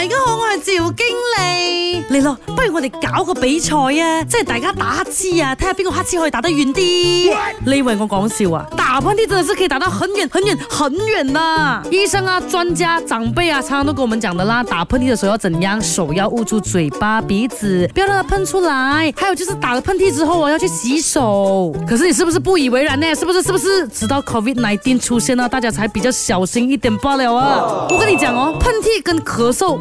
大家好，我係趙經理。嚟咯，不如我哋搞個比賽啊，即係大家打哈嚏啊，睇下邊個哈嚏可以打得遠啲。What? 你以為我講笑啊？打噴嚏真的是可以打到很遠、很遠、很遠啊。醫生啊、專家、長輩啊，常常都跟我們講的啦，打噴嚏的時候要怎樣？手要捂住嘴巴、鼻子，不要讓它噴出來。還有就是打了噴嚏之後我、啊、要去洗手。可是你是不是不以為然呢？是不是？是不是直到 COVID-19 出現啊，大家才比較小心一點罷了啊？Oh. 我跟你講哦、啊，噴嚏跟咳嗽。